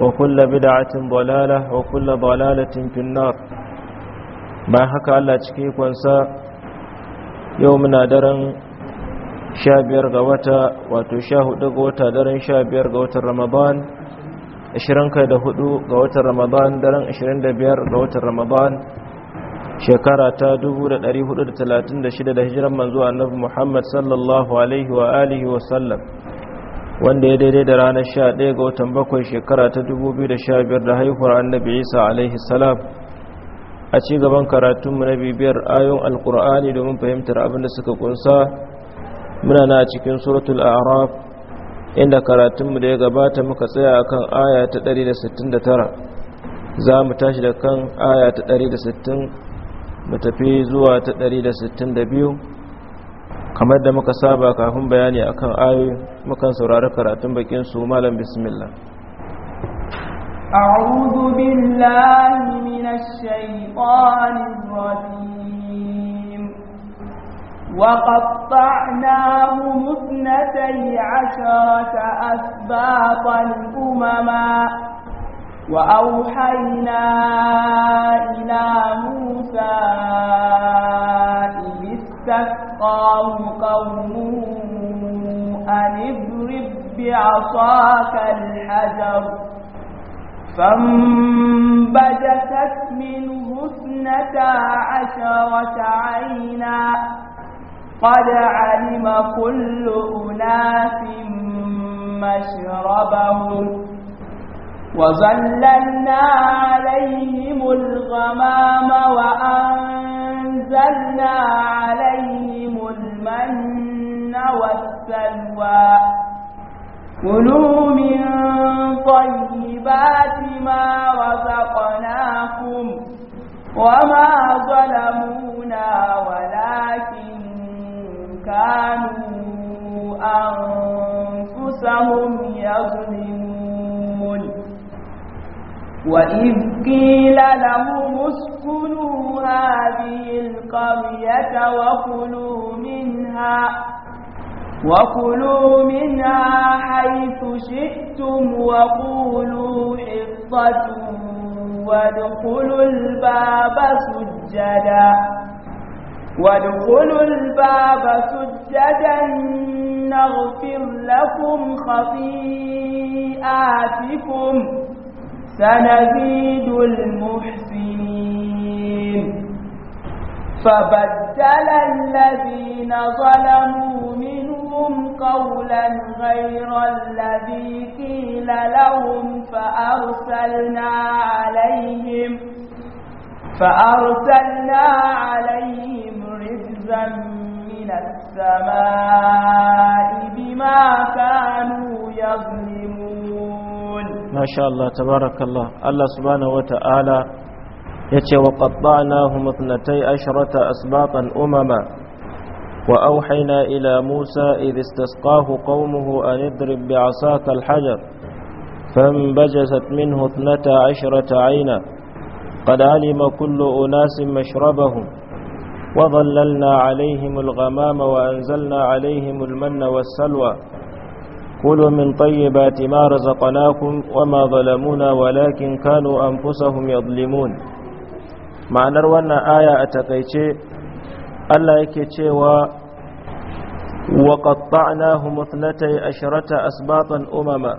وكل بدعة ضلالة وكل ضلالة في النار ما حكى الله تشكيك وانسى يومنا درن شابير غوتا وتشاهد غوتا درن شابير غوتا رمضان ashirin kai da hudu ga watan ramadan daren ashirin da biyar ga watan ramadan shekara ta dubu da dari hudu da talatin da shida da hijiran annabi muhammad sallallahu alaihi alihi wa sallam wanda ya daidai da ranar 11 ga watan bakwai shekara ta 2015 da haihuwar annabi isa alaihi salam a ci gaban karatunmu na bibiyar ayon alkur'ani domin fahimtar abin da suka kunsa muna na cikin suratul araf inda karatunmu da ya gabata muka tsaya a kan aya ta 169 za mu tashi da kan aya ta 160 mu tafi zuwa ta 162 kamar da muka saba kafin bayani akan ayoyi mukan saurari karatun bakin su malam bismillah أعوذ بالله من الشيطان الرجيم وقطعناهم اثنتي عشرة أسباطا أمما وأوحينا إلى موسى استسقاه قومه أن اضرب بعصاك الحجر فانبجست منه اثنتا عشرة عينا قد علم كل أناس مشربهم وظللنا عليهم الغمام وأنزلنا وزكوا كلوا من طيبات ما رزقناكم وما ظلمونا ولكن كانوا أنفسهم يظلمون وإذ قيل لهم اسكنوا هذه القرية وكلوا منها وكلوا منها حيث شئتم وقولوا حصة وادخلوا الباب سجدا وادخلوا الباب سجدا نغفر لكم خطيئاتكم سنزيد المحسنين فبدل الذين ظلموا منهم قولا غير الذي قيل لهم فأرسلنا عليهم فأرسلنا عليهم رجزا من السماء بما كانوا يظلمون ما شاء الله تبارك الله الله سبحانه وتعالى يتي وقطعناهم اثنتي عشرة أسباطا أمما وأوحينا إلى موسى إذ استسقاه قومه أن اضرب بعصاك الحجر فانبجست منه اثنتا عشرة عينا قد علم كل أناس مشربهم وظللنا عليهم الغمام وأنزلنا عليهم المن والسلوى كلوا من طيبات ما رزقناكم وما ظلمونا ولكن كانوا أنفسهم يظلمون ma'anar wannan aya a takaice Allah yake cewa wa qatta'nahum ithnatai ashrata asbatan umama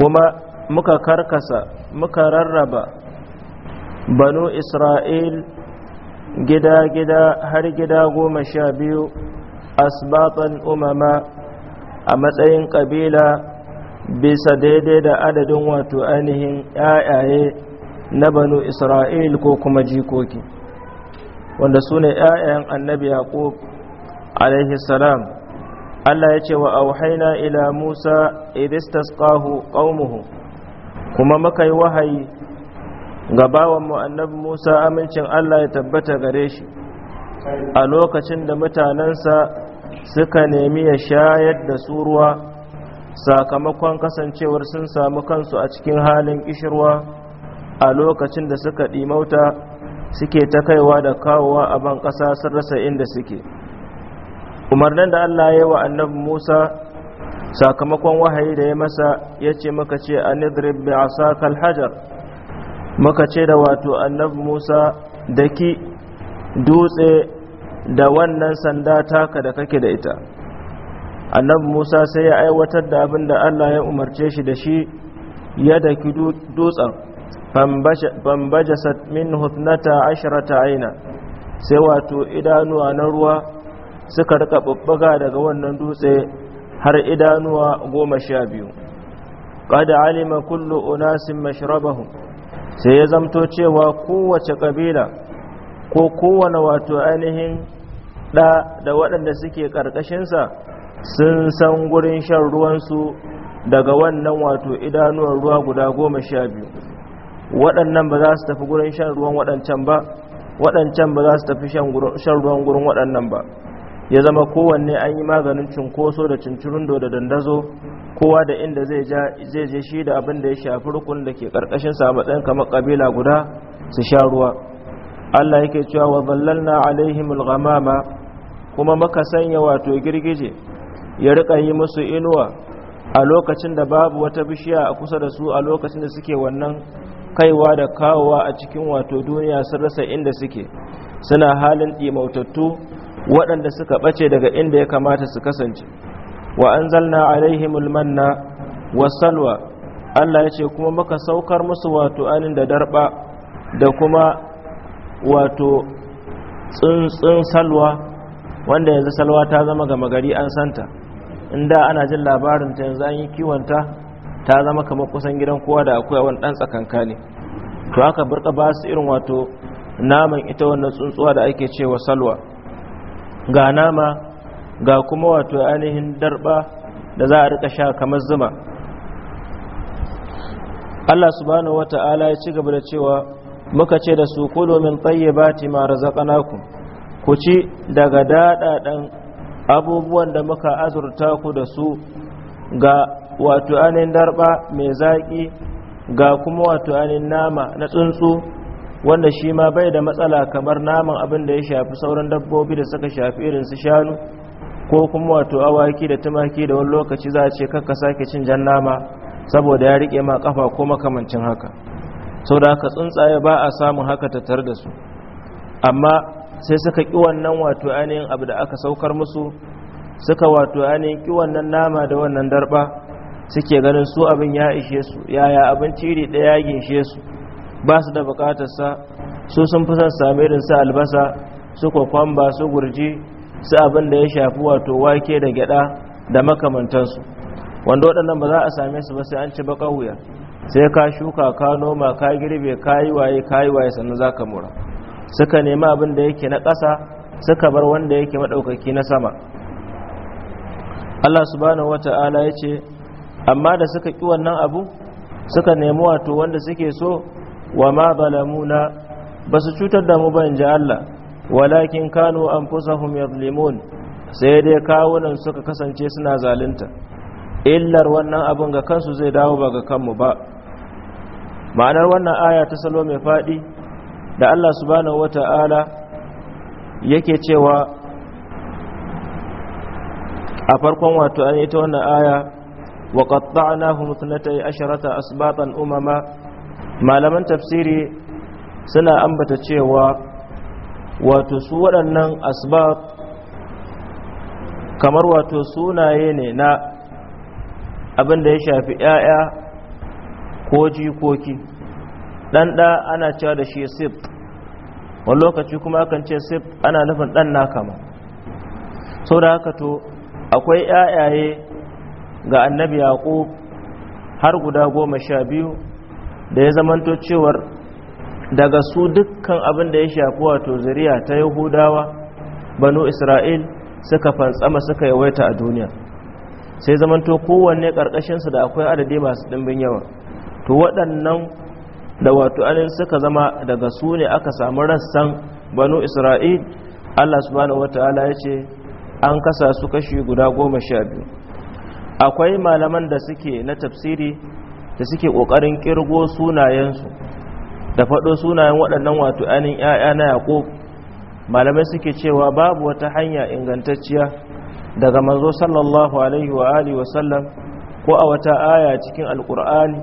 kuma muka karkasa muka rarraba banu isra'il gida-gida har gida goma sha biyu asbatan umama a matsayin ƙabila bisa daidai da adadin wato ainihin 'ya'yaye na banu isra'il ko kuma jikoki wanda su ne 'ya'yan annabi yaqub alaihi salam Allah ya ce wa auhaina ila Musa idistasqahu qaumuhu kuma muka yi wahayi ga bawanmu annabi Musa amincin Allah ya tabbata gare shi a lokacin da mutanensa suka nemi ya shayar da su ruwa sakamakon kasancewar sun samu kansu a cikin halin kishirwa a lokacin da suka ɗimauta suke ta kaiwa da kawowa a ban ƙasa sun rasa inda suke umarnin da allah ya yi wa annabi musa sakamakon wahayi da ya masa ya ce maka ce a nidrib bi sakal hajar maka ce da wato annabi musa da ki dutse da wannan sanda taka da kake da ita annabi musa sai ya aiwatar da abin da allah ya umarce shi da shi ya daki dutsen fambajasat min hutnata ashirata aina sai wato idanuwa na ruwa suka rika babbaga daga wannan dutse har idanuwa goma sha biyu kada alima kullu unasin mashrabahum sai ya zamto cewa kowace kabila ko kowane wato ainihin ɗa da waɗanda suke ƙarƙashinsa sun san gurin shan ruwansu daga wannan wato idanuwar ruwa guda goma sha biyu waɗannan ba za su tafi gurin shan ruwan waɗancan ba waɗancan ba za su tafi shan ruwan gurin waɗannan ba ya zama kowanne an yi maganin cunkoso da cincirindo da dandazo kowa da inda zai je shi da abin da ya shafi rukun da ke ƙarƙashin sa matsayin kamar kabila guda su sha ruwa Allah yake cewa wa zallalna alaihim alghamama kuma muka sanya wato girgije ya riƙa yi musu inuwa a lokacin da babu wata bishiya a kusa da su a lokacin da suke wannan kaiwa da kawowa a cikin wato duniya sun rasa inda suke suna halin ɗimautattu waɗanda suka ɓace daga inda ya kamata su kasance wa an zalna alaihimul manna wa salwa allah ya ce kuma maka saukar musu wato anin da darɓa da kuma wato tsuntsun salwa wanda yanzu salwa ta zama gama gari an santa inda ana jin labarin ta yanzu an yi kiwonta ta zama kamar kusan gidan kowa da akwai wani dan tsakanka ne to haka burka ba su irin wato naman ita wannan tsuntsuwa da ake cewa salwa ga nama ga kuma wato ainihin darba da za a rika sha kamar zuma Allah subhanahu wata'ala ya ci gaba da cewa muka ce da su domin min tayyibati ma razaqnakum ku ci daga dadadan abubuwan da muka azurta ku da su ga wato anin darba mai zaƙi ga kuma wato anin nama na tsuntsu wanda shi ma bai da matsala kamar naman abin da ya shafi sauran dabbobi da suka shafi irin su shanu ko kuma wato awaki da tumaki da wani lokaci za a ce kakka sake cin jan nama saboda ya rike ma kafa ko makamancin haka sau da aka tsuntsaye ba a samun haka tattar da su amma sai suka ƙi wannan wato ainihin abu da aka saukar musu suka wato ainihin ƙi wannan nama da wannan darba suke ganin su abin ya ishe su yaya abin iri ɗaya ya ginshe su ba su da bukatarsa su sun fi son sami irin su albasa su kwakwamba su gurji su abin da ya shafi wato wake da gyada da makamantansu wanda waɗannan ba za a same su ba sai an ci baka wuya sai ka shuka ka noma ka girbe ka yi waye ka yi waye sannan za ka mura suka nemi abin da yake na ƙasa suka bar wanda yake maɗaukaki na sama Allah subhanahu wata'ala ya ce amma da suka ƙi wannan abu suka nemi wato wanda suke so wa ma zalamuna ba su cutar da mu ba in ji Allah walakin kanu anfusahum yadhlimun sai dai kawunan suka kasance suna zalunta illar wannan abin ga kansu zai dawo ba ga kanmu ba ma'anar wannan aya ta salo mai faɗi da Allah subhanahu wata'ala yake cewa a farkon wato an yi ta wannan aya وقطعناهم اثنتي عشرة أسباطا أمما ما لمن تفسيري سنة أنبت تشيوا وتسوى أن أسباط kamar wato sunaye ne na abin da ya shafi 'ya'ya ko jikoki ɗan ɗa ana cewa da shi sif wani lokaci kuma akan ce sif ana nufin ɗan na kama sau da haka to akwai 'ya'yaye ga annabi yaqub har guda goma sha biyu da ya zamanto cewar daga su dukkan abin da ya shafi wato zuriya ta yahudawa banu isra'il suka fantsama suka yawaita a duniya sai zamanto kowanne ƙarƙashinsu da akwai adadi masu ɗimbin yawa to waɗannan da wato anin suka zama daga su ne aka samu rassan banu isra'il allah subhanahu wataala ya ce an kasa su kashi guda goma sha biyu akwai malaman da suke na tafsiri da suke ƙoƙarin ƙirgo sunayensu da faɗo sunayen waɗannan wato anin ‘ya'ya na yaƙo malamai suke cewa babu wata hanya ingantacciya daga manzo sallallahu alaihi wa alihi wasallam ko a wata aya cikin alƙur'ani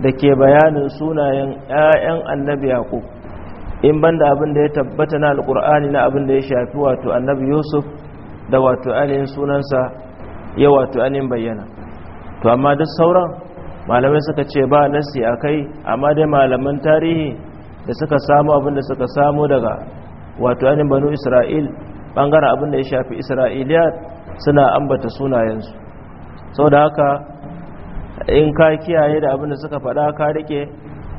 da ke bayanin sunayen ‘ya'yan annabi yaƙo in banda abin da ya tabbata na alƙur'ani na abin da ya shafi wato annabi yusuf da wato ainihin sunansa ya wato anin bayyana to amma duk sauran malamai suka ce ba nasi a kai amma dai malaman tarihi da suka samu abin da suka samu daga wato anin banu isra'il bangaren abin da ya shafi isra'iliya suna ambata sunayensu sau da haka in ka kiyaye da abin da suka faɗa ka rike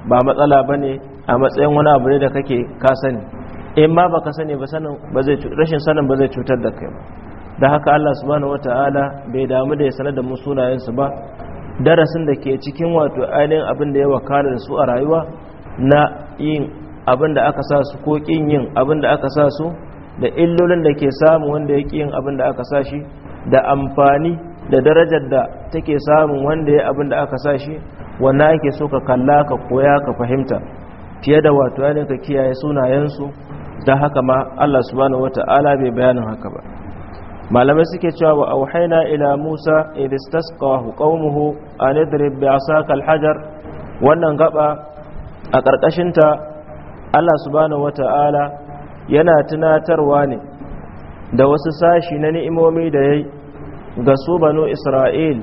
ba matsala bane ne a matsayin wani abu ne da kake ka sani in ma ba ka sani ba rashin sanin ba zai cutar da kai ba da haka Allah subhanahu wata'ala bai damu da ya sanar da mu sunayensu ba darasin da ke cikin wato ainihin abin da ya wakana da su a rayuwa na yin abin da aka sa su ko kin yin abin da aka sa su da illolin da ke samu wanda ya yin abin da aka sa shi da amfani da darajar da take samun wanda ya abin da aka sa shi wanda ake so ka kalla ka koya ka fahimta fiye da wato ainihin ka kiyaye sunayensu da haka ma Allah subhanahu wata'ala bai bayanin haka ba malamai suke cewa wa auhaina ila musa idistasqahu qaumuhu an idrib bi asaka alhajar wannan gaba a karkashin ta Allah subhanahu wata'ala yana tunatarwa ne da wasu sashi na ni'imomi da yayi ga su banu Isra'il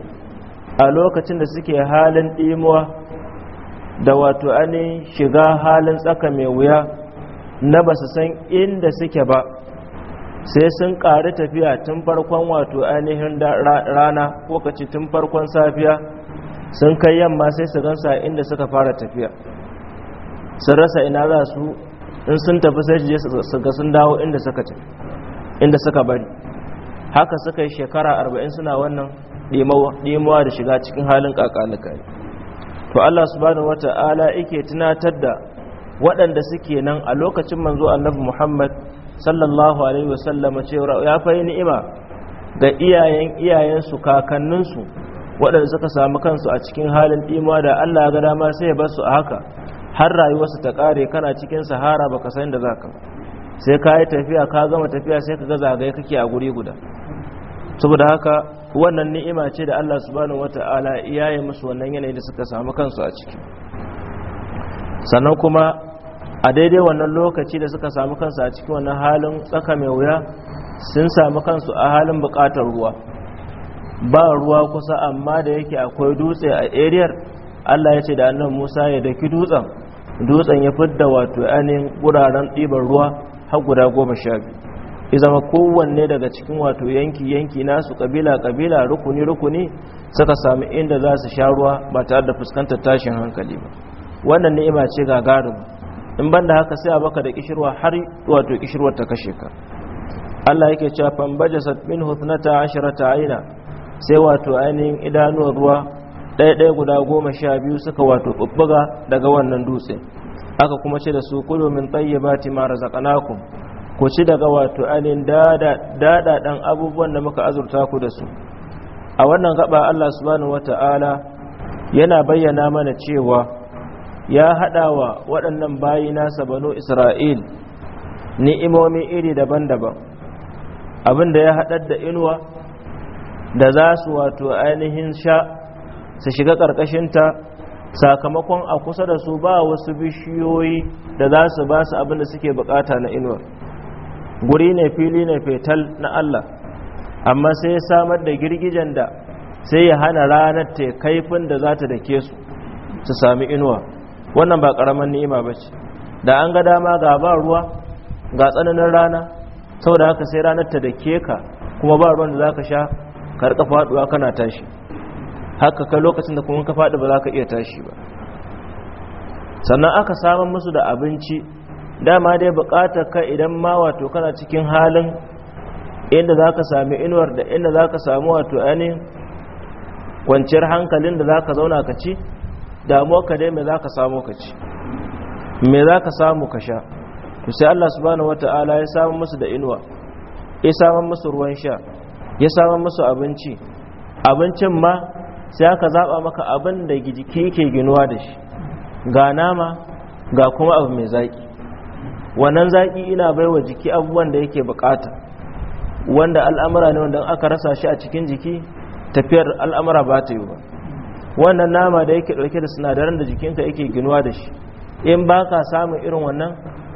a lokacin da suke halin dimuwa da wato anin shiga halin tsaka mai wuya na basu san inda suke ba sai sun ƙari tafiya tun farkon wato ainihin rana ko kaci tun farkon safiya sun kai yamma sai su gansa inda suka fara tafiya sun rasa ina za su in sun tafi sai su su ga sun dawo inda suka bari haka suka yi shekara arba'in suna wannan ɗimawa da shiga cikin halin ƙaƙalikari to allah wata ala ike tunatar da waɗanda suke nan a lokacin manzo annabi muhammad sallallahu alaihi wasallama cewa ya fayi ni'ima ga iyayen iyayensu kakanninsu waɗanda suka samu kansu a cikin halin ɗima da Allah ya ga dama sai ya bar su a haka har rayuwarsu ta kare kana cikin sahara baka san da zaka sai ka yi tafiya ka gama tafiya sai ka ga zagaye kake a guri guda saboda haka wannan ni'ima ce da Allah subhanahu wata'ala ya yi musu wannan yanayi da suka samu kansu a ciki sannan kuma a daidai wannan lokaci da suka samu kansu a cikin wannan halin tsaka mai wuya sun samu kansu a halin bukatar ruwa ba ruwa kusa amma da yake akwai dutse a eriyar? allah ya ce da annan musa ya daki dutsen dutsen ya fidda wato yanin wuraren ɗibar ruwa har guda goma sha biyu zama kowanne daga cikin wato yanki-yanki nasu kabila-kabila rukuni-rukuni suka samu inda za su sha ruwa ba tare da fuskantar tashin hankali ba wannan ni'ima ce gagarin in banda haka sai a baka da kishirwa har wato kishirwar ta kashe ka Allah yake cewa min husnata ta aina sai wato ainihin idanuwar ruwa ɗaya guda goma sha biyu suka wato bubbuga daga wannan dutse aka kuma ce da su kulu min tayyibati ma razaqnakum ku ci daga wato ainihin dada dan abubuwan da muka azurta ku da su a wannan gaba Allah subhanahu wata'ala yana bayyana mana cewa ya wa waɗannan bayi nasa banu isra'il ni'imomi iri daban-daban abinda ya haɗar da inuwa da za su wato ainihin sha su shiga ƙarƙashinta sakamakon a kusa da su ba wasu bishiyoyi da za su ba su abinda suke bukata na inuwa guri ne fili ne fetal na Allah amma sai ya samar da girgijen da sai ya hana ranar ta kaifin da za ta dake su su sami inuwa wannan ba karaman ni'ima ba ce da an ga dama ga ba ruwa ga tsananin rana saboda haka sai ranar ta dake ka kuma ba ruwan da za ka sha faduwa kana tashi haka kai lokacin da kuma ka fadi ba za ka iya tashi ba sannan aka samun musu da abinci dama dai bukatar ka idan ma wato kana cikin halin inda za ka sami inuwar da inda za ka sami wato ainihin kwanciyar hankalin da za ka zauna ka ci damuwa ka dai me za ka samu ka ci me za ka samu ka sha Ku sai Allah subhanahu wata'ala ya samu musu da inuwa ya samu musu ruwan sha ya samu musu abinci abincin ma sai aka zaba maka abin da jiki ke ginuwa da shi ga nama ga kuma abu mai zaki wannan zaki ina baiwa jiki abubuwan da yake bukata wanda al'amura ne wanda aka rasa shi a cikin jiki tafiyar al'amura ba ta yi ba wannan nama da yake ɗauke da sinadaran da jikinka yake ginuwa da shi in ba ka samun irin wannan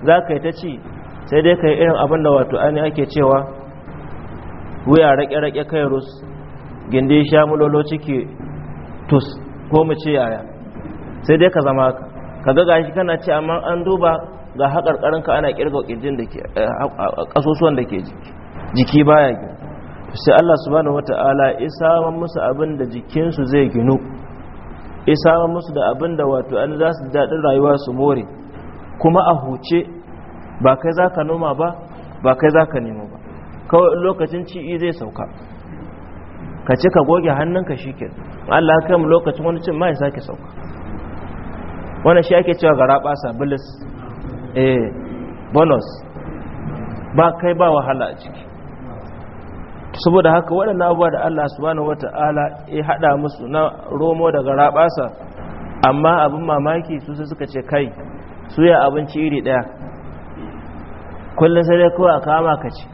za ka yi ta ci sai dai ka yi irin abin da wato ani ake cewa wuya rake-rake kai rus gindi sha mulolo ciki tus ko mu ce yaya sai dai ka zama ka ka ga gashi kana ce amma an duba ga haƙarƙarin ka ana ƙirga ƙirjin da ke eh, ƙasusuwan da ke jiki jiki baya gina sai Allah subhanahu wata'ala isa musu abin da jikinsu zai ginu isa musu da abin da wato an za su daɗin rayuwa su more kuma a huce ba kai za ka noma ba ba kai za ka nemo ba kawai lokacin ci'i zai sauka ka ce ka goge hannunka shi ke Allah kai mu lokacin wani cin ma ya sake sauka wannan shi ake cewa gara ɓasa bilis eh bonus ba kai ba wahala a ciki saboda haka waɗannan abubuwa da Allah subhanahu wata'ala ya haɗa musu na romo daga rabasa amma abin mamaki su suka ce kai su abinci iri ɗaya kullum sai dai kawai a kama ka ce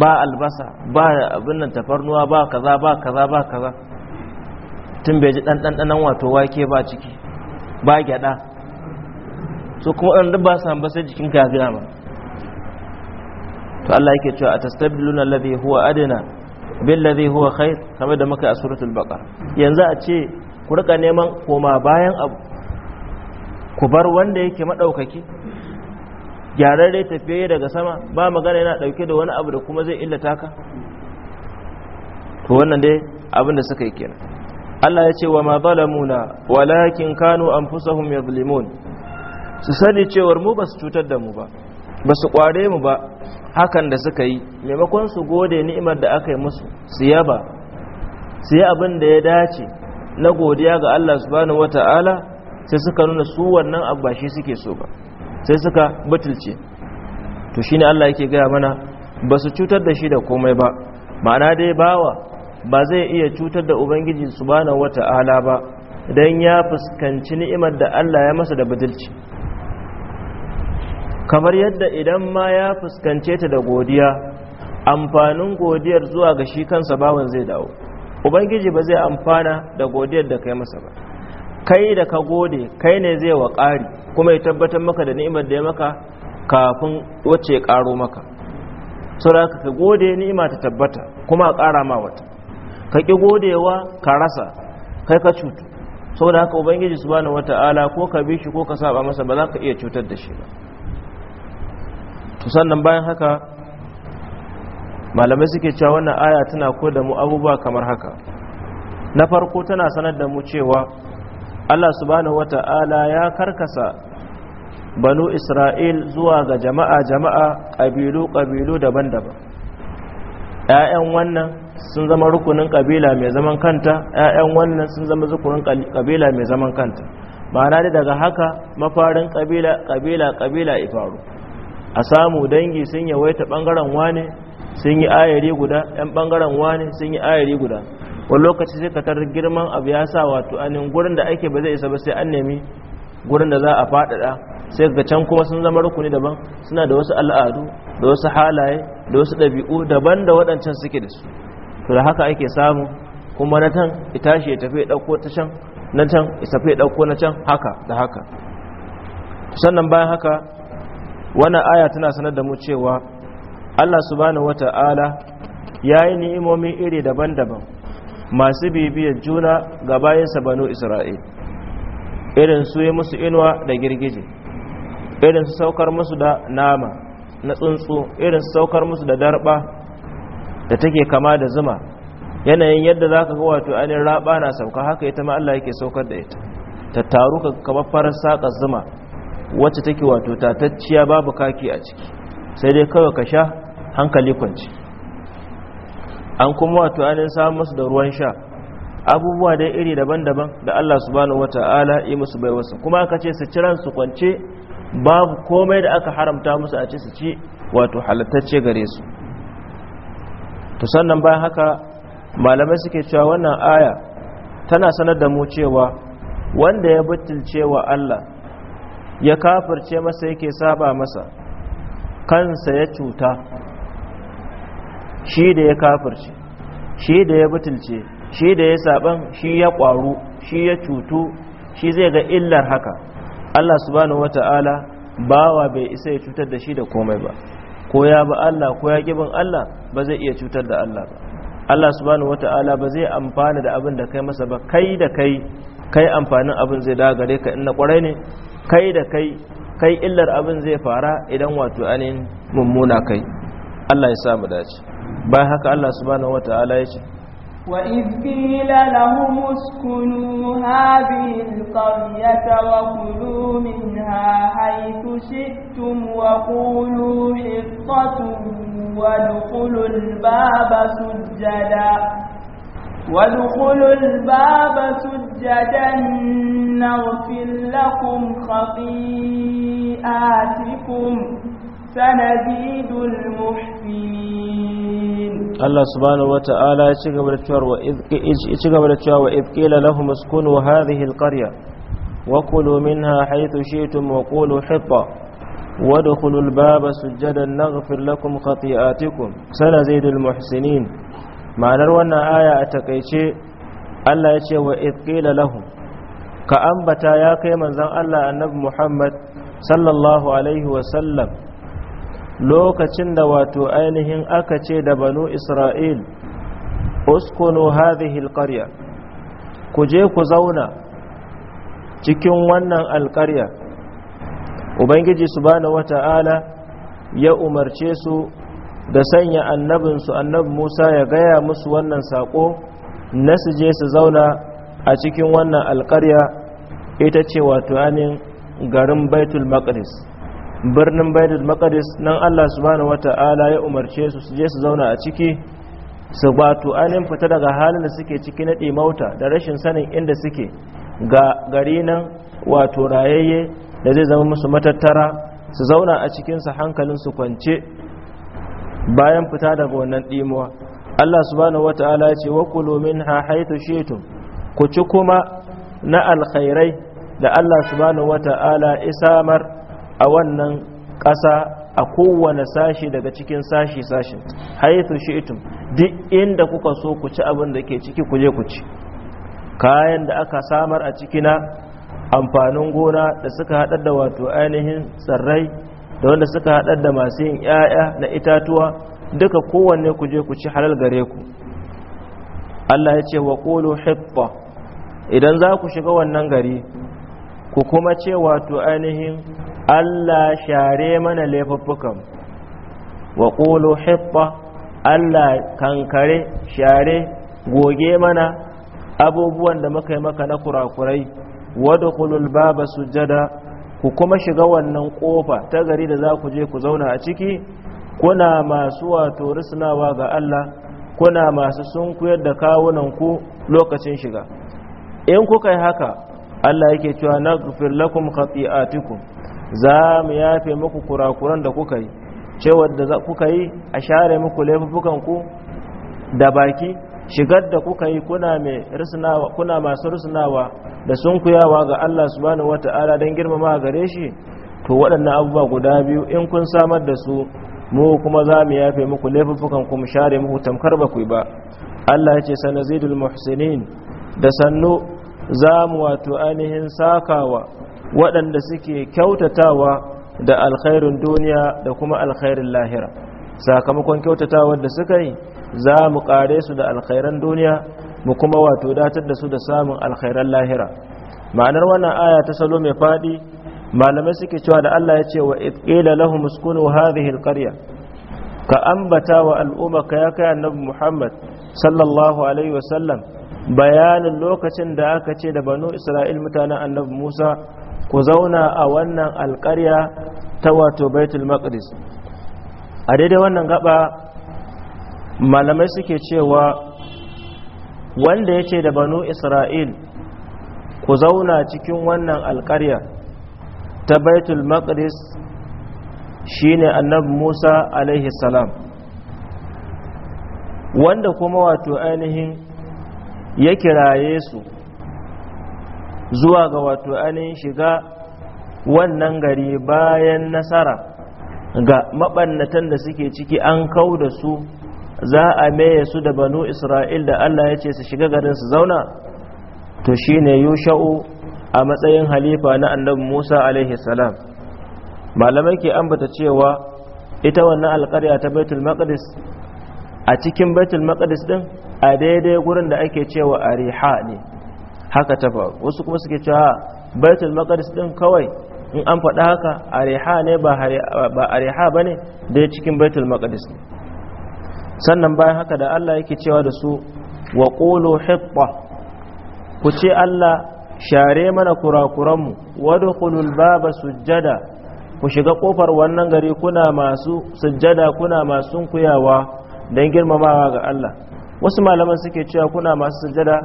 ba albasa ba abin nan tafarnuwa ba kaza ba kaza ba kaza tun bai ji ɗanɗanɗanan wato wake ba ciki ba gyaɗa su kuma ɗan ba su ba jikin ka ba. to Allah yake cewa atastabdiluna alladhi huwa adna billadhi huwa khair kamar da muka a suratul baqara yanzu a ce ku rika neman koma bayan abu ku bar wanda yake madaukaki gyararre tafiye daga sama ba magana yana dauke da wani abu da kuma zai illata ka to wannan dai abin da suka yi kenan Allah ya ce wa ma zalamuna walakin kanu anfusahum yuzlimun su sani cewar mu ba su cutar da mu ba ba su kware mu ba hakan da suka yi maimakon su gode ni'imar da aka yi musu su yaba su yi abin da ya dace na godiya ga Allah subhanahu wata'ala sai suka nuna su wannan abu suke so ba sai suka batulce to shine Allah yake gaya mana ba su cutar da shi da komai ba ma'ana dai bawa ba zai iya cutar da ubangiji subhanahu wata'ala ba dan ya fuskanci ni'imar da Allah ya masa da batulci kamar yadda idan ma ya fuskance ta da godiya amfanin godiyar zuwa ga shi kansa bawan zai dawo ubangiji ba zai amfana da godiyar da kai masa ba kai da ka gode kai ne zai wa ƙari kuma ya tabbatar maka da ni'imar da ya maka kafin wacce ya ƙaro maka saboda ka gode ni'ima ta tabbata kuma a ƙara ma wata ka ƙi godewa ka rasa kai ka cutu saboda haka ubangiji subhanahu wata'ala ko ka bi shi ko ka saba masa ba za ka iya cutar da shi ba to sannan bayan haka malamai suke cewa wannan aya tana ko da mu abubuwa kamar haka na farko tana sanar da mu cewa Allah subhanahu wata'ala ya karkasa banu Isra'il zuwa ga jama'a jama'a ƙabilu ƙabilu daban-daban ‘ya'yan wannan sun zama rukunin ƙabila mai zaman kanta ‘ya'yan wannan sun zama zukunin ƙabila mai zaman kanta ma'ana daga haka mafarin ƙabila ƙabila ƙabila ifaru a samu dangi sun yawaita bangaren wane sun yi ayari guda yan bangaren wane sun yi ayari guda wani lokaci sai tarar girman abu ya sa wato anin gurin da ake ba zai isa ba sai an nemi gurin da za a faɗaɗa sai ga can kuma sun zama rukuni daban suna da wasu al'adu da wasu halaye da wasu ɗabi'u daban da waɗancan suke da su to da haka ake samu kuma na can ita shi ya tafi ya ɗauko ta can na can ya tafi ya ɗauko na can haka da haka sannan bayan haka wannan aya tana sanar da mu cewa Allah subhanahu wata'ala yayi ni'imomi iri daban-daban masu bibiyar juna ga bayansa banu Isra'il irin su yi musu inuwa da girgije irin su saukar musu da nama na tsuntsu irin su saukar musu da darba da take kama da zuma yanayin yadda za ka wato ainihin raba na sauka haka ita ma Allah yake saukar da ita ta taru kamar farar saƙa zuma wacce take wato tatacciya babu kaki a ciki sai dai kawai ka sha hankali kwanci an kuma wato anin samun masu da ruwan sha abubuwa dai iri daban-daban da Allah subhanahu wata'ala yi musu bai wasu, kuma aka ce su ciran su kwance babu komai da aka haramta musu a ce su ci wato halattacce gare su to sannan bayan haka malamai suke cewa wannan aya tana sanar da mu cewa wanda ya butulce wa Allah ya kafirce masa yake saba masa kansa ya cuta shi da ya kafirce shi da ya butulce shi da ya saban shi ya kwaru shi ya cutu shi zai ga illar haka Allah subhanahu wata'ala bawa bai isa ya cutar da shi da komai ba ko ya ba Allah ko ya gibin Allah ba zai iya cutar da Allah ba Allah subhanahu wata'ala ba zai amfana da abin da kai masa ba kai da kai kai amfanin abin zai daga gare ka in na kwarai ne kai da kai kai illar abin zai fara idan wato anin mummuna kai Allah ya samu dace bayan haka Allah subhanahu wataala yace wa izkila lahum uskunu hadhihi alqaryata wa kulu minha haythu shittum wa qulu hittatun wa dukhulul baba sujjada وادخلوا الباب سجدا نغفر لكم خطيئاتكم سنزيد المحسنين الله سبحانه وتعالى يتشغب لتشوى وإذ قيل لهم اسكنوا هذه القرية وكلوا منها حيث شئتم وقولوا حطة وادخلوا الباب سجدا نغفر لكم خطيئاتكم سنزيد المحسنين ma'anar wannan aya a takaice Allah ya ce wa ƙila lahu. ka ambata ya kai manzan Allah annabi Muhammad sallallahu alaihi wasallam lokacin da wato ainihin aka ce da banu Isra'il uskunu hadhihi alqarya ku je ku zauna cikin wannan alƙarya ubangiji su wata ala ya umarce su da sanya annabinsu annabi musa ya gaya musu wannan sako na su je su zauna a cikin wannan alƙarya ita ce wato anin garin baitul maqdis birnin baitul maqdis nan allah subhanahu wata'ala ya umarce su su je su zauna a ciki su wato anin fita daga halin da suke ciki na ɗimauta da rashin sanin inda suke ga gari nan wato rayayye da zai zama musu matattara su zauna a cikinsa hankalinsu kwance bayan fita daga wannan ɗimuwa Allah subhanahu wata'ala ya ce wa kulu minha haythu shi'tum ku ci kuma na alkhairai da Allah subhanahu wata'ala isamar a wannan ƙasa a kowane sashi daga cikin sashi sashin haythu shi'tum duk inda kuka so ku ci abin da ke ciki ku je ku ci kayan da aka samar a ciki na amfanin gona da suka haɗar da wato ainihin tsirrai da wanda suka haɗar da masu yin ‘ya'ya na itatuwa duka kowanne ku je ku ci halal gare ku Allah ya ce wa qulu idan za ku shiga wannan gari ku kuma ce wato ainihin Allah share mana laifuffukan wa qulu hitba Allah kankare share goge mana abubuwan da muka yi maka na kurakurai wa dukhulul baba sujada ku kuma shiga wannan kofa ta gari da za ku je ku zauna a ciki kuna masu wato risnawa ga Allah kuna masu sun kuyar da kawunan ku lokacin shiga in kuka yi haka Allah yake cewa naghfir lakum khati'atikum za mu yafe muku kurakuran da kuka yi cewa da kuka yi a share muku laifukan ku da baki shigar da kuka yi kuna mai risnawa kuna masu risnawa da sun kuyawa ga Allah subhanahu wata'ala don girmama gare shi to waɗannan abubuwa guda biyu in kun samar da su mu kuma za mu yafe muku ku kuma share muku tamkar ba ku ba Allah ya ce sanazidul muhsinin da sannu za mu wato ainihin sakawa waɗanda suke kyautatawa da alkhairin duniya da kuma alkhairin lahira sakamakon kyautatawa da suka yi za mu kare su da alkhairan duniya mu kuma wato datar da su da samun alkhairan lahira ma'anar wannan aya ta salo mai fadi malamai suke cewa da Allah ya ce wa qila lahum uskunu hadhihi alqarya ka ambata wa al'umma ka ya kai annabi Muhammad sallallahu alaihi wasallam bayanin lokacin da aka ce da banu Isra'il mutanen annabi Musa ku zauna a wannan alkarya ta wato Baitul Maqdis a daidai wannan gaba malamai suke cewa wanda ya ce da banu isra'il ku zauna cikin wannan alkarya ta baitul maqdis shine annabi musa alaihi salam wanda kuma wato ainihin ya kiraye su zuwa ga wato ainihin shiga wannan gari bayan nasara ga maɓannatan da suke ciki an kau da su za a maye su da banu isra'il da allah ya ce su shiga garin su zauna to shi shine yusha'u a matsayin halifa na annabi musa alaihi salam malamai ke ambata cewa ita wannan alkarya ta baitul maqdis a cikin baitul maqdis din a daidai gurin da ake cewa ariha ne haka ta faru wasu kuma suke cewa baitul maqdis din kawai in an faɗa haka ariha ne ba ariha bane da cikin baitul maqdis sannan bayan haka da Allah yake cewa da su wa qulu hitta ku ce Allah share mana kurakuranmu wadkhulul baba sujjada ku shiga kofar wannan gari kuna masu sujjada kuna masu kuyawa don girmamawa ga Allah wasu malaman suke cewa kuna masu sujjada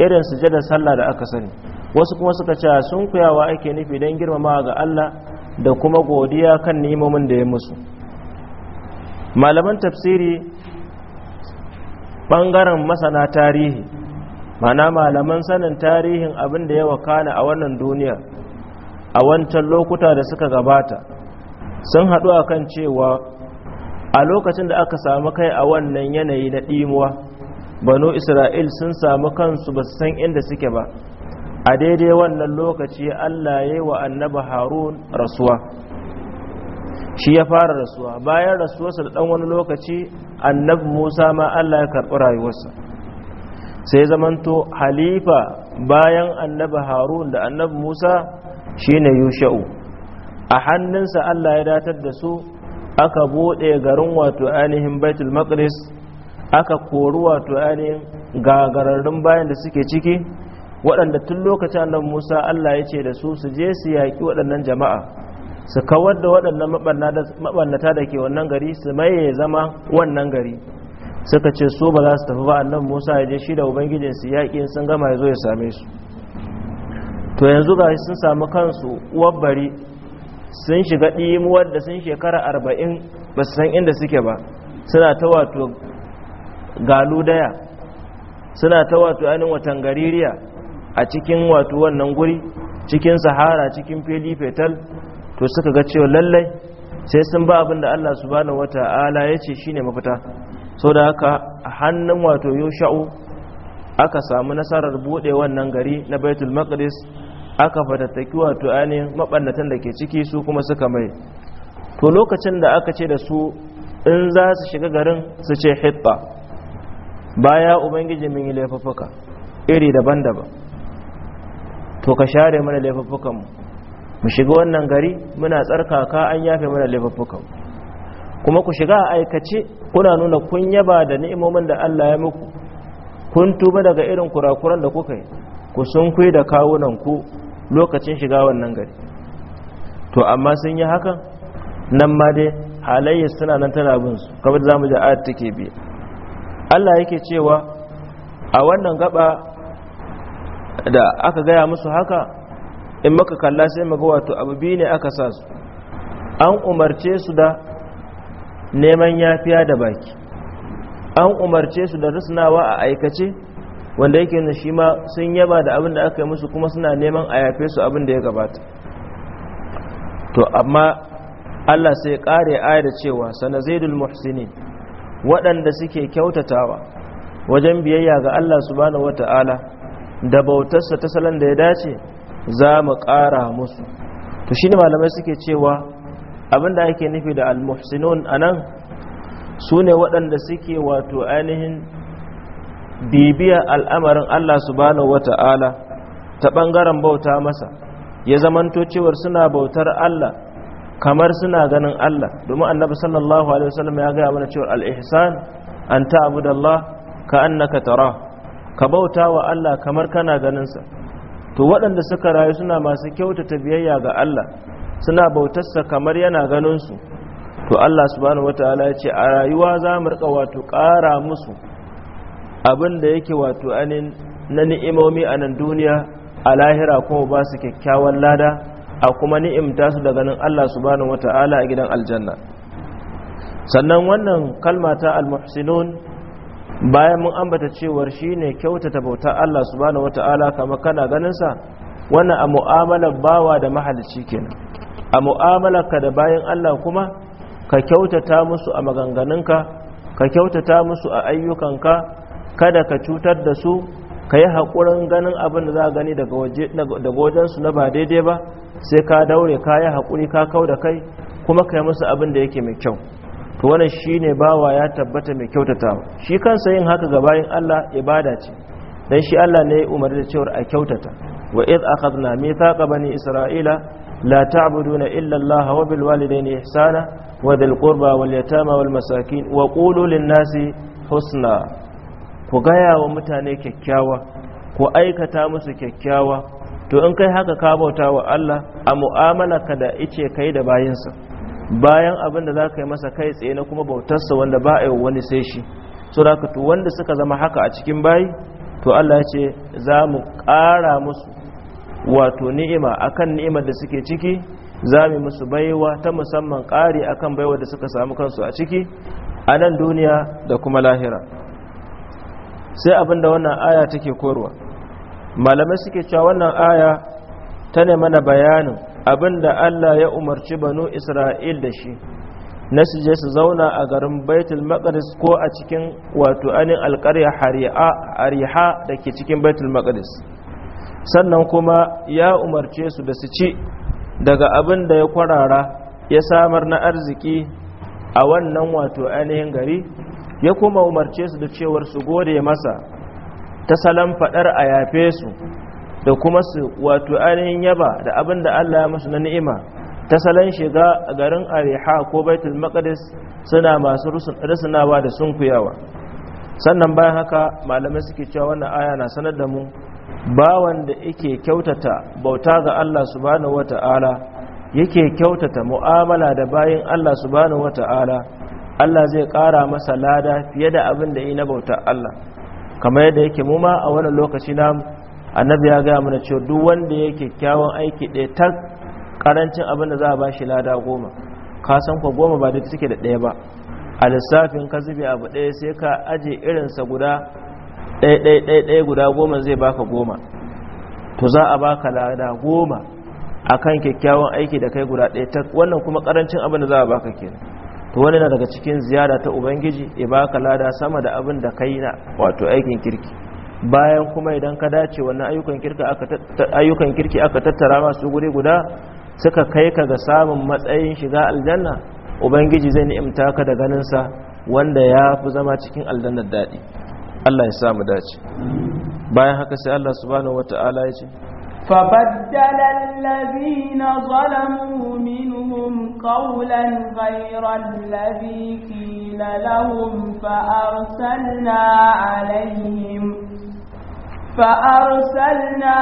irin sujjada sallah da aka sani wasu kuma suka ce sun kuyawa ake nufi don girmamawa ga Allah da kuma godiya kan ni'imomin da ya musu malaman tafsiri ɓangaren masana tarihi mana malaman sanin tarihin abin da ya wakana a wannan duniya a wancan lokuta da suka gabata sun haɗu a kan cewa a lokacin da aka samu kai a wannan yanayi na ɗimuwa banu isra'il sun samu kansu ba su san inda suke ba a daidai wannan lokaci allah ya yi wa annaba harun rasuwa shi ya fara rasuwa bayan rasuwarsa da ɗan wani lokaci Annab musa ma allah ya karɓi rayuwarsa sai zamanto halifa bayan annabi harun da annabi musa shine yusha'u a hannunsa allah ya datar da su aka buɗe garin wato ainihin baitul maqdis aka kori wato ainihin gagararrun bayan da suke ciki waɗanda tun lokacin annabi musa allah ya ce da su su je su yaƙi waɗannan jama'a su kawar da waɗannan maɓannata da ke wannan gari su maye zama wannan gari suka ce so ba za su tafi ba annan musa ya je shi da su yaƙi sun gama ya zo ya same su to yanzu ga sun samu kansu wabbari sun shiga ɗimuwar da sun shekara arba'in ba su san inda suke ba suna ta wato galu daya suna ta wato ainihin watan gaririya a cikin wato wannan guri cikin sahara cikin fili fetal to suka ga cewa lallai sai sun ba abin da Allah subhanahu wata'ala ya ce shine mafita sau da haka a hannun wato yosha'u aka samu nasarar buɗe wannan gari na baitul maqdis aka fatattaki wato ainihin mabannatan da ke ciki su kuma suka mai to lokacin da aka ce da su in za su shiga garin su ce hitta baya ubangiji min yi laifuffuka iri daban-daban to ka share mana laifuffukanmu mu shiga wannan gari muna tsarkaka an yafe mana laifuffukan kuma ku shiga a aikace kuna nuna kun yaba da ni'imomin da Allah ya muku kun tuba daga irin kurakuran da kuka yi ku sun kuyi da kawunan ku lokacin shiga wannan gari to amma sun yi hakan nan ma dai halayya suna nan tana bin su kamar za mu ji ayat take bi Allah yake cewa a wannan gaba da aka gaya musu haka in maka kalla sai maga wato abu biyu ne aka sa su an umarce su da neman yafiya da baki an umarce su da rusunawa a aikace wanda yake na shi ma sun yaba da abin da aka yi musu kuma suna neman a yafe su abin da ya gabata to amma Allah sai kare ayar da cewa sana zaidul muhsini waɗanda suke kyautatawa wajen biyayya ga Allah subhanahu wata'ala da bautarsa ta salon da ya dace za mu ƙara musu to shi ne malamai suke cewa abinda ake nufi da almuhsinun a nan su ne waɗanda suke wato ainihin bibiyar al'amarin Allah Su subhanahu wata'ala ta ɓangaren bauta masa ya zamanto cewar suna bautar Allah kamar suna ganin Allah domin annabi sallallahu alaihi wasallam ya gaya mana cewar ta abu da allah ka annaka tara ka bauta wa Allah kamar kana ganinsa? to waɗanda suka rayu suna masu kyautata biyayya ga Allah suna bautarsa kamar yana ganin su to Allah subhanahu wataala ya ce a rayuwa za mu rika wato ƙara musu abin da yake wato anin na ni'imomi a nan duniya a lahira kuma ba su kyakkyawan lada a kuma ni'imta su da ganin Allah subhanahu wataala a gidan aljanna sannan wannan kalma ta al-muhsinun bayan mun ambata cewar shine kyautata bauta Allah subhanahu ta'ala kama kana ganinsa, sa wannan a mu'amalar bawa da mahalicci kenan a mu'amalar ka da bayan Allah kuma ka kyautata musu a maganganunka ka kyautata musu a ayyukanka kada ka cutar da su ka yi haƙurin ganin abin da za a gani daga wajensu na ba daidai ba sai ka daure ka yi haƙuri ka kau da kai kuma ka yi musu abin da yake mai kyau to wannan shine bawa ya tabbata mai kyautatawa shi kansa yin haka ga bayin Allah ibada ce dan shi Allah ne ya umarni da cewa a kyautata wa iz akhadna mithaqa bani isra'ila la ta'buduna illa Allah wa bil walidayni ihsana wa dhil qurba wal yatama wal masakin wa qulu lin nasi husna ku gaya wa mutane kyakkyawa ku aikata musu kyakkyawa to in kai haka ka bauta wa Allah a mu'amala ka da ice kai da bayinsa bayan abin da za ka yi masa kai tsaye na kuma bautarsa wanda ba a yi wani sai shi so da wanda suka zama haka a cikin bayi to Allah ce za mu ƙara musu wato ni'ima akan ni'imar da suke ciki za mu musu baiwa ta musamman ƙari akan baiwa da suka samu kansu a ciki a nan duniya da kuma lahira sai abin da wannan aya take korwa malamai suke cewa wannan aya ta ne mana bayanin Abin da Allah ya umarci banu Isra'il da shi na su je su zauna a garin Baitul Maqdis ko a cikin wato anin alƙarya Hariha da ke cikin Baitul Maqdis sannan kuma ya umarce su da su ci daga abin da ya kwarara ya samar na arziki a wannan wato ainihin gari ya kuma umarce su da cewar su gode masa ta salon faɗar a yafe su da kuma su wato ainihin yaba da abin da Allah ya masu na ni'ima ta salon shiga a garin ariha ko baitul maqdis suna masu rusunawa da sunkuyawa sannan bayan haka malamai suke cewa wannan aya na sanar da mu bawan da yake kyautata bauta ga Allah subhanahu wata'ala yake kyautata mu'amala da bayin Allah subhanahu wata'ala Allah zai kara masa lada fiye da abin da yi na bauta Allah kamar yadda yake mu ma a wani lokaci namu annabi ya gaya mana cewa duk wanda ya kyakkyawan aiki ɗaya ta karancin abin da za a ba shi lada goma ka san goma ba duk suke da ɗaya ba a lissafin ka zube abu ɗaya sai ka aje irinsa guda ɗaya guda goma zai baka goma to za a baka lada goma a kan kyakkyawan aiki da kai guda ɗaya ta wannan kuma karancin abin da za a baka kenan to wani na daga cikin ziyara ta ubangiji ya baka lada sama da abin da kai na wato aikin kirki bayan kuma idan ka dace wannan ayyukan kirki aka tattara masu guri guda suka kai ka ga samun matsayin shiga aljanna ubangiji zai ni'imta ka da ganinsa wanda ya fi zama cikin aljannar daɗi Allah ya samu dace bayan haka sai Allah subhanahu wata'ala ya ce فبدل الذين ظلموا منهم قولا غير الذي قيل لهم فأرسلنا عليهم فأرسلنا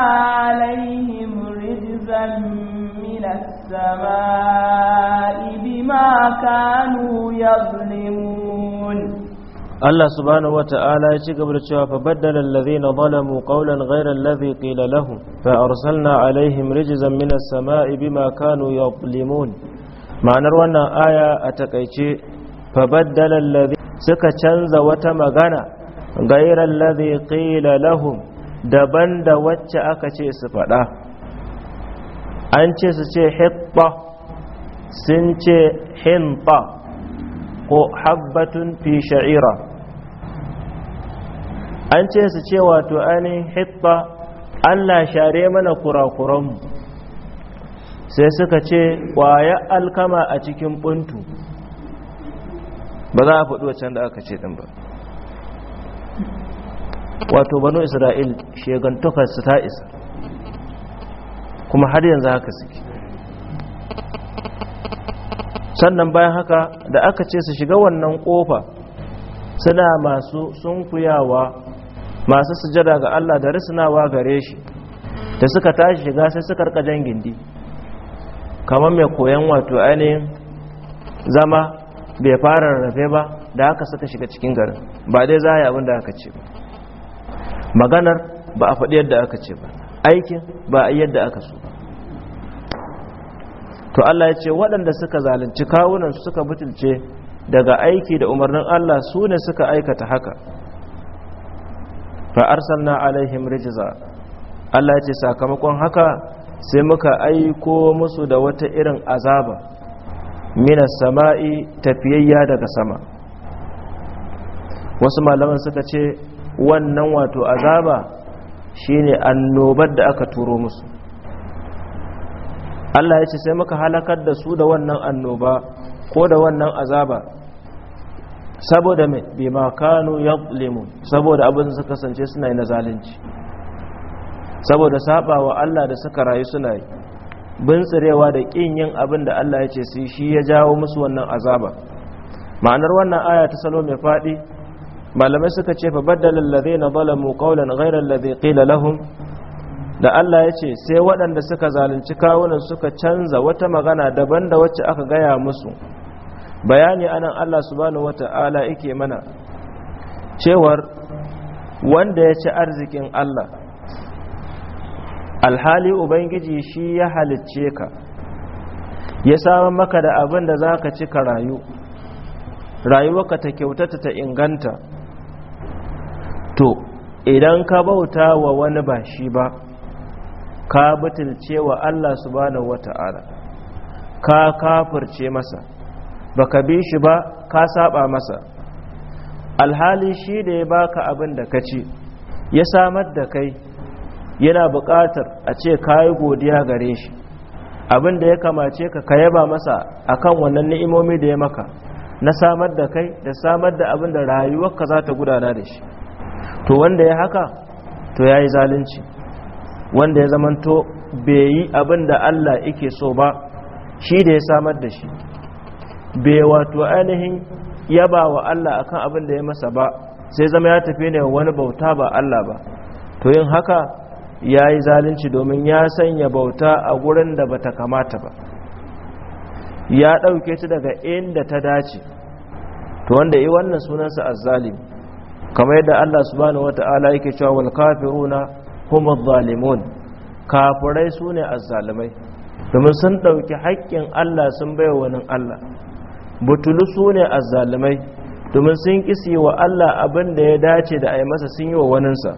عليهم رجزا من السماء بما كانوا يظلمون الله سبحانه وتعالى يشكب للشواء فبدل الذين ظلموا قولا غير الذي قيل لهم فأرسلنا عليهم رجزا من السماء بما كانوا يظلمون ma'anar wannan aya a takaice fabaddalar lazi suka canza wata magana gairar lazi qila lahum daban da wacce aka ce su faɗa an ce su ce hitta sun ce hinta ko habbatun fi sha'ira an ce su ce wato ainihin hitta allah share mana kurakuranmu sai suka ce ƙwayar alkama a cikin buntu ba za a faɗi wacan da aka ce ɗin ba wato banu isra'il shegantukar ta isa kuma har yanzu haka suke sannan bayan haka da aka ce su shiga wannan kofa suna masu sunkuyawa masu sujada ga Allah da risnawa gare shi da suka tashi shiga sai suka rika jan kamar mai koyan wato ainihin zama bai fara rarrafe ba da haka suka shiga cikin garin ba dai za a yi abin da aka ce ba maganar ba a faɗi yadda aka ce ba aikin ba a yadda aka so to Allah ya ce waɗanda suka zalunci kawunan suka mutunce daga aiki da umarnin Allah su ne suka aikata haka fa arsalna alaihim rijza Allah ya ce sakamakon haka sai muka aiko musu da wata irin azaba minas sama'i tafiyayya daga sama wasu malaman suka ce wannan wato azaba shine annobar da aka turo musu Allah ya ce sai muka halakar da su da wannan annoba ko da wannan azaba saboda mai bai makano ya saboda abin su kasance suna yi na zalunci saboda saba Allah da suka rayu suna yi bintsirewa da ƙin yin abin da Allah ya ce su shi ya jawo musu wannan azaba ma'anar wannan aya ta salo mai faɗi malamai suka ce fa baddala alladhina zalamu qawlan ghayra alladhi qila lahum da Allah ya ce sai waɗanda suka zalunci kawunan suka canza wata magana daban da wacce aka gaya musu bayani anan Allah subhanahu wata'ala yake mana cewar wanda ya ci arzikin Allah alhali ubangiji shi ya halicce ka ya samar maka da abin da za ka ci ka rayu rayuwarka ta kyautata ta inganta to idan ka bauta wa wani ba shi ba ka butulce wa Allah subhanahu wata'ala ka kafirce masa baka bi shi ba ka saba masa alhali shi da ya baka abin da ka ci ya samar da kai yana buƙatar a ce kayi godiya gare shi abin da ya kamace ka ka yaba masa akan wannan ni'imomi da ya maka na samar da kai da samar da abin da rayuwarka za ta gudana da shi to wanda ya haka to ya yi zalunci wanda ya zamanto bai yi abin da Allah yake so ba shi da ya samar da shi bai wato ainihin yaba wa Allah akan abin da ya masa ba sai zama ya tafi ne wani bauta ba Allah ba to yin haka ya yi zalunci domin ya sanya bauta a gurin da bata kamata ba ya ɗauke ta daga inda ta dace to wanda yi wannan sunansa azzalimi kamar yadda Allah subhanahu wata'ala yake cewa wal kafiruna hum adh-dhalimun kafirai sune azzalimai domin sun dauki haƙƙin Allah sun baiwa wani Allah butulu sune azzalimai domin sun kisi wa Allah abin da ya dace da ai masa sun yi wa waninsa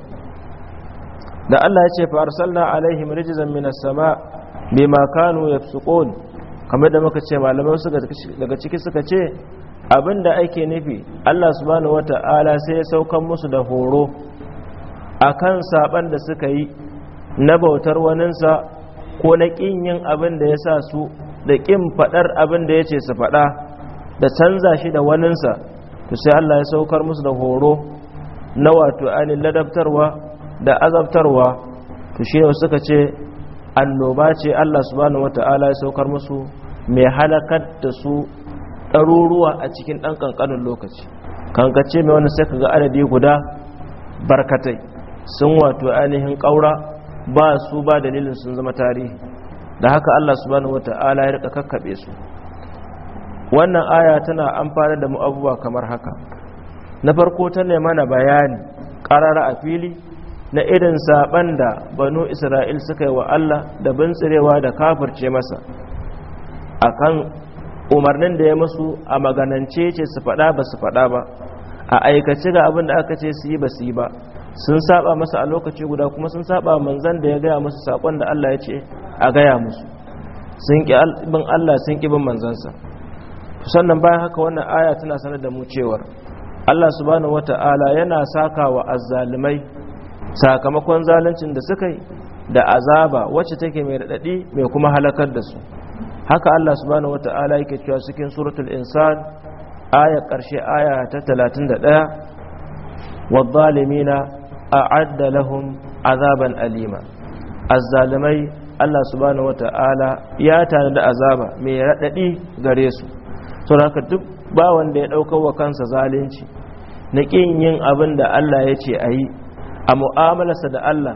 da Allah ya ce fa arsalna alaihim rijzan minas sama bima kanu yafsuqun kamar da muka ce malaman su daga ciki suka ce abin da ake nufi Allah subhanahu wata'ala sai ya saukan musu da horo akan saban da suka yi na bautar waninsa ko na kin yin abin da ya sa su da kin faɗar abin da ya ce su faɗa da canza shi da waninsa to sai Allah ya saukar musu da horo na wato ainihin ladabtarwa da azabtarwa to shi ne suka ce annoba ce Allah subhanahu wata'ala ya saukar musu mai halakar da su ɗaruruwa a cikin ɗan ƙanƙanin lokaci kankace mai wani sai kaga adadi guda barkatai sun wato ainihin ƙaura ba su ba dalilin sun zama tarihi da haka Allah wata wata'ala ya rika kakkaɓe su wannan aya tana amfana da mu'abuwa kamar haka na farko ta mana bayani ƙarara a fili na irin saɓan da banu isra'il suka yi wa Allah da tsirewa da kafirce masa akan umarnin da ya masu a maganance ce su faɗa ba su faɗa ba a aikace ga abin da aka ce su yi ba su yi ba sun saba masa a lokaci guda kuma sun saba manzan da ya gaya musu saƙon da Allah ya ce a gaya musu sun ƙi bin Allah sun ƙi bin manzansa sannan bayan haka wannan aya tana sanar da mu cewar Allah subhanahu wata'ala yana saka wa azzalimai sakamakon zaluncin da suka yi da azaba wacce take mai raɗaɗi mai kuma halakar da su haka Allah subhanahu wata'ala yake cewa cikin suratul insan aya karshe aya ta 31 wadhalimina a'adda lahum azaban alima azzalimai Allah subhanahu wata'ala ya tare da azaba mai radadi gare su to haka duk ba wanda ya dauka wa kansa zalunci na kin yin abin da Allah ya ce ayi a mu'amalarsa da Allah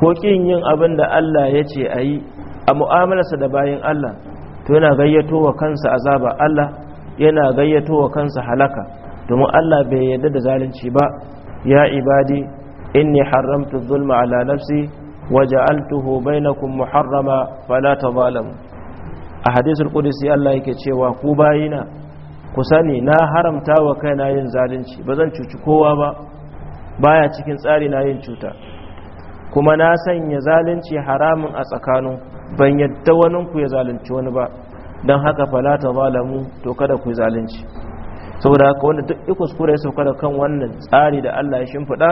ko kin yin abin da Allah ya ce ayi a mu'amalarsa da bayin Allah to yana gayyato wa kansa azaba Allah yana gayyato wa kansa halaka domin Allah bai yarda da zalunci ba ya ibadi inni haramtu zulma ala nafsi wa ja'altuhu bainakum muharrama fala tadhalam a hadisul qudsi Allah yake cewa ku bayina ku sani na haramta wa kaina yin zalunci ba zan cuci kowa ba baya cikin tsari na yin cuta kuma na sanya zalunci haramun a tsakaninku ban yadda wani ku ya zalunci wani ba don haka falata zalamu to kada ku zalunci saboda haka wanda duk ya kuskure ya sauka kan wannan tsari da Allah ya shimfiɗa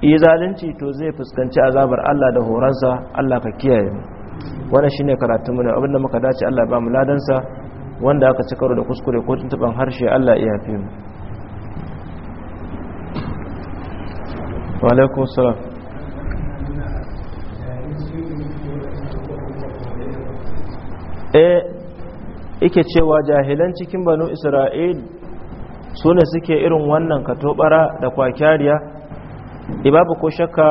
yi zalunci to zai fuskanci azabar Allah da horonsa Allah ka kiyaye mu wannan shine karatun mu abin da muka dace Allah ba mu ladansa wanda aka ci karo da kuskure ko tuntuban harshe Allah ya yafe mu wa alaikum salam yake cewa jahilan cikin banu isra'il su ne suke irin wannan katobara da kwakyariya ibabu eh, ko shakka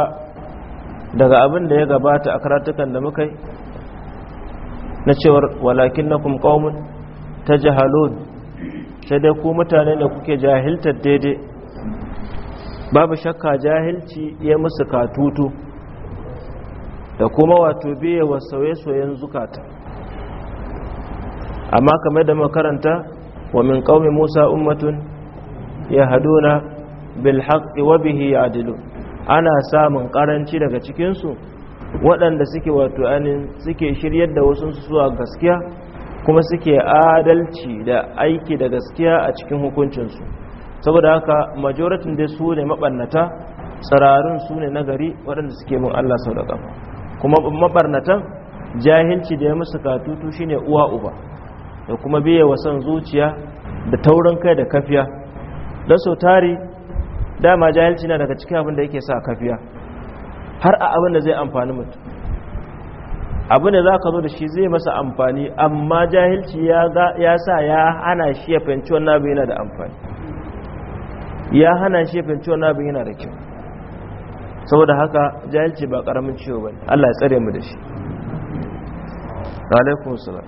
daga abin da ya gabata a karatukan da muka yi na cewar walakin na kumkaumun ta jahalun sai dai ku mutane da kuke jahiltar daidai babu shakka jahilci ya musu katutu da kuma wato biye wa sauye-sauyen zukata amma kamar da makaranta wa min qaumi musa ummatun yahduna bil haqqi wa bihi ana samun karanci daga cikinsu su waɗanda suke wato anin suke shiryar da wasu su zuwa gaskiya kuma suke adalci da aiki da gaskiya a cikin hukuncinsu saboda haka majoratin dai su ne maɓarnata tsararin su ne nagari waɗanda suke mun Allah sau da kuma maɓarnatan jahilci da ya musu katutu shine uwa uba da kuma biye wa son zuciya da taurin kai da kafiya da so tari dama jahilci na daga cikin abin da yake sa kafiya har a abin da zai amfani mutum abin da za ka zo da shi zai masa amfani amma jahilci ya sa ya hana shi ya fahimci wannan abin yana da amfani ya hana shi ya fahimci wannan abin yana da kyau saboda haka jahilci ba karamin ciwo ba Allah ya tsare mu da shi alaikum salam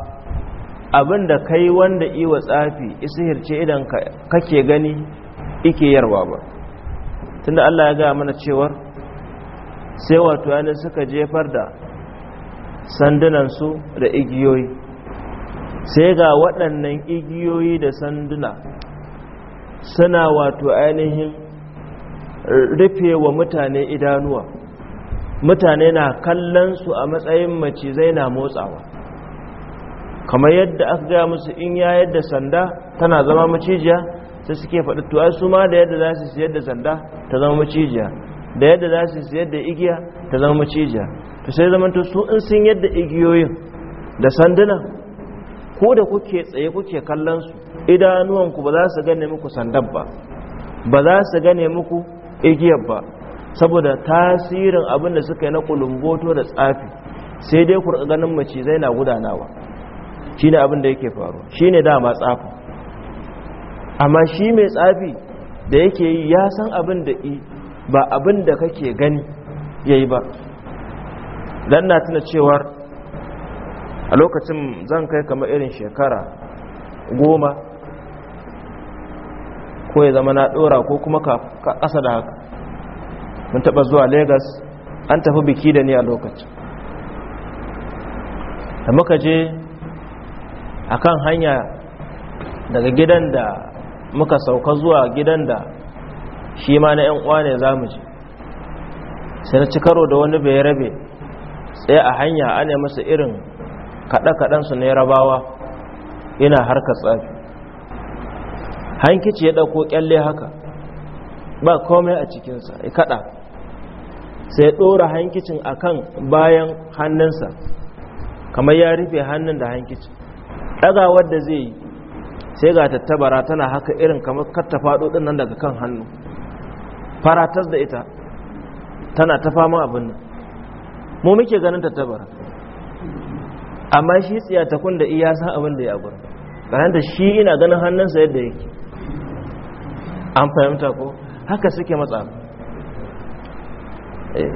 abin da kai wanda iwa tsafi isihirce idan kake gani ike yarwa ba tunda Allah ya gaya mana cewar sai wato yanin suka jefar da sandunansu da igiyoyi sai ga waɗannan igiyoyi da sanduna suna wato ainihin rufe wa mutane idanuwa mutane na kallon su a matsayin macizai na motsawa kamar yadda aka gaya musu in ya yadda sanda tana zama macijiya sai suke faɗi tuwa su ma da yadda za su siyar da sanda ta zama macijiya da yadda za su siyar da igiya ta zama macijiya to sai zamanto su in sun yadda igiyoyin da sanduna ko da kuke tsaye kuke kallon su idanuwanku ba za su gane muku sandan ba ba za su gane muku igiyar ba saboda tasirin abin da suka yi na kulumboto da tsafi sai dai ku ganin macizai na gudanawa ne abin da yake faruwa ne dama tsafi amma shi mai tsafi da yake yi ya san abin da ba abin da kake gani ya yi ba dan na tuna cewar a lokacin zan kai kamar irin shekara goma ko ya zama na dora ko kuma ka ƙasa da haka mun taɓa zuwa Legas an tafi biki da ni a lokacin da muka je akan hanya daga gidan da muka sauka zuwa gidan da shi ma na 'yan uwa ne za mu ji sai na ci karo da wani bai rabe sai a hanya ana masa irin kaɗe kaɗan su na rabawa ina harkar tsafi hankici ya ɗauko ƙyalle haka ba komai a cikinsa ya kaɗa sai ya ɗora hankicin akan bayan hannunsa kamar ya rufe hannun da hankicin Daga wadda zai yi sai ga tattabara tana haka irin kamar katta faɗo nan daga kan hannu faratas da ita tana ta fama abin nan mu muke ganin tattabara amma shi kun da iya san abin da ya bayan da shi ina ganin hannunsa yadda yake an fahimta ko haka suke matsa eh,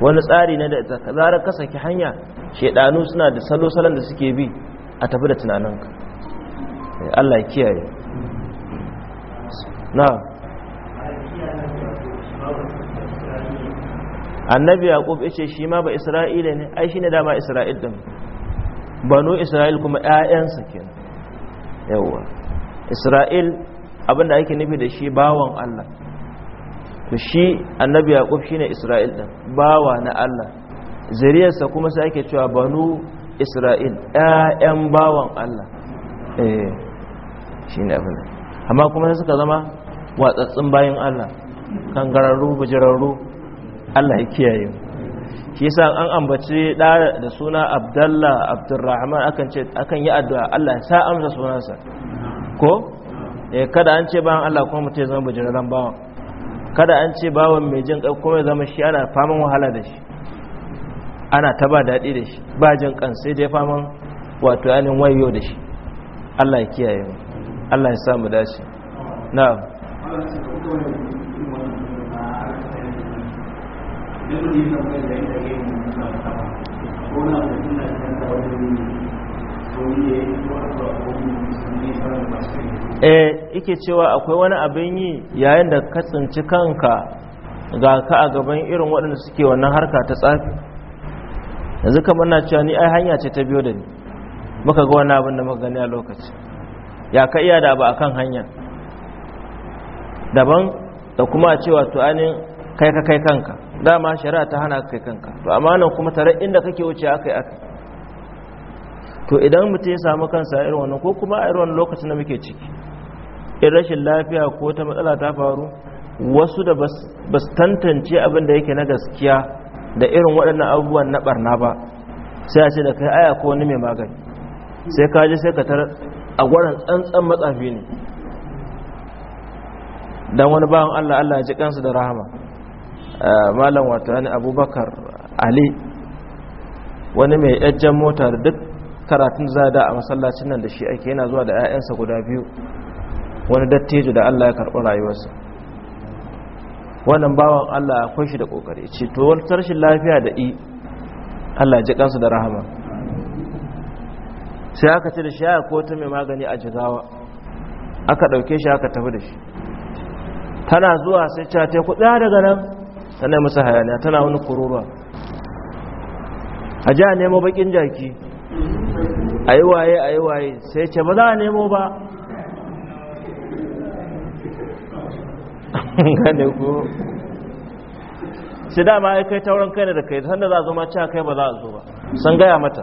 wani tsari na da ita zarar ka saki hanya shaidanu suna da salo-salon da suke bi a tafi da tunaninka eh, Allah ya kiyaye na annabi yaqub yace shi ma ba isra'ila ne ai shine dama isra'il din banu isra'il kuma sa kenan yawa isra'il abinda ake nufi da shi bawan Allah to shi annabi yaqub shine isra'il din bawa na Allah sa kuma sai ake cewa banu isra'il ƴaƴan bawan Allah eh ne abin amma kuma suka zama watsatsun bayan Allah kangararru bujirarru Allah ya kiyaye shi yasa an ambaci da da suna Abdullah Abdurrahman akan ce akan yi addu'a Allah ya sa amsa sunansa ko eh kada an ce bayan Allah kuma mutai zama bujirarran bawan kada an ce bawan mai jin kai kuma ya zama shi ana faman wahala da shi ana ta ba daɗi da shi ba jin kan sai dai faman wato yanin wayo da shi Allah ya kiyaye mu Allah ya samu dace na'am eh yake cewa akwai wani abin yi yayin da ka tsinci kanka ga ka a gaban irin waɗanda suke wannan harka ta tsafi yanzu kamar na cewa ni ai hanya ce ta biyo da ni muka ga wani abin da muka gani a lokaci ya ka iya da ba kan hanya daban da kuma a cewa to anin kai ka kai kanka dama shari'a ta hana ka kai kanka to amma nan kuma tare inda kake wuce akai akai to idan mutum ya samu kansa irin wannan ko kuma a irin wannan lokacin da muke ciki in rashin lafiya ko ta matsala ta faru wasu da bas tantance abin da yake na gaskiya da irin waɗannan abubuwan na barna ba sai a ce da kai aya ko wani mai magani sai ka ji sai ka tar a gwaran tsantsan matsafi ne don wani bawan Allah Allah ji kansu da rahama malam wato wani abubakar ali wani mai yajjen mota da duk karatun zada a masallacin nan da shi ake yana zuwa da 'ya'yansa guda biyu wani dattijo da Allah ya karɓi rayuwarsa wannan bawan Allah akwai shi da kokari ce to wani lafiya da i Allah ji kansu da rahama sai aka ce da shi ya kota mai magani a jigawa aka dauke shi aka tafi da shi tana zuwa sai ta ta kuɗa daga nan tana masa hayaniya tana wani kururuwa a ji a nemo bakin jaki a yi waye a yi waye sai ce ba za a nemo ba gane ko shi dama ya kai tauran kai ne da kai sanda za a zo ma cewa kai ba za a zo ba sun gaya mata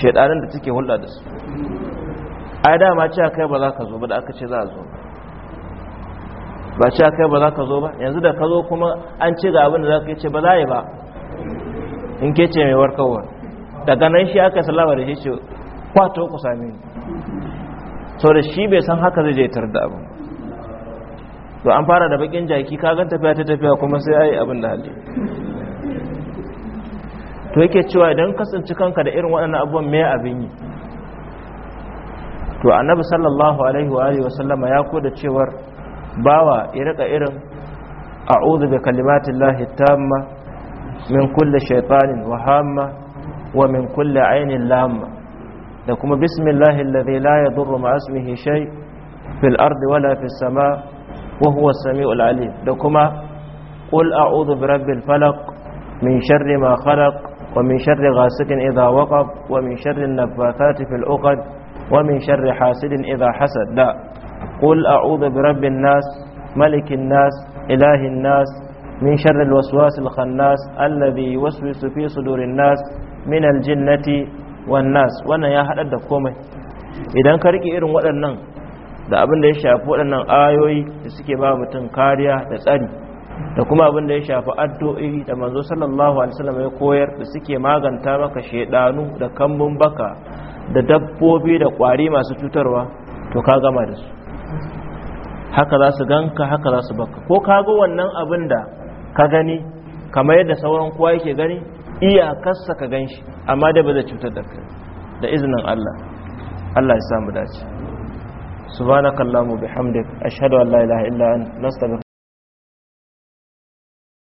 shaidanin da take hulɗa da su ai dama cewa kai ba za ka zo ba da aka ce za a zo ba cewa kai ba za ka zo ba yanzu da ka zo kuma an ce ga abin da za ka ce ba za a yi ba in ke ce mai warkarwa daga nan shi aka salama da shi ce kwato ku sami ni sau da shi bai san haka zai je tar da abin to an fara da bakin jaki kagan tafiya ta tafiya kuma sai ayi abin da hali to yake cewa idan kasance kanka da irin waɗannan abubuwan me abin yi to annabi sallallahu alaihi wa alihi wasallama ya koda cewar bawa ya rika irin a'udhu bi kalimatillahi tamma min kulli shaytanin wa hamma wa min kulli ainin lamma da kuma bismillahi alladhi la yadurru ma'asmihi ismihi shay fil ardi wala fis wa huwa sami'ul alim da kuma qul a'udhu birabbil falaq min sharri ma khalaq wa min sharri ghasiqin idha waqab wa min sharri an-naffathati fil wa min sharri hasidin idha hasad da qul a'udhu birabbin nas malikin nas ilahin nas min sharri al-waswas al-khannas alladhi yuwaswisu fi sudurin nas min al-jinnati wan nas wannan ya hada da komai idan ka rike irin waɗannan da abin da ya shafi waɗannan ayoyi da suke ba mutum kariya da tsari da kuma abin da ya shafi addu'o'i da manzo sallallahu alaihi wasallam ya koyar da suke maganta maka shedanu da kambun baka da dabbobi da kwari masu cutarwa to ka gama da su haka za su ganka haka za su baka ko ka ga wannan abin da ka gani kamar yadda sauran kowa yake gani iyakarsa ka gan shi amma da ba zai cutar da kai da izinin Allah Allah ya samu dace subhanakallahumma bihamdik ashhadu an la ilaha illa anta nastaghfiruka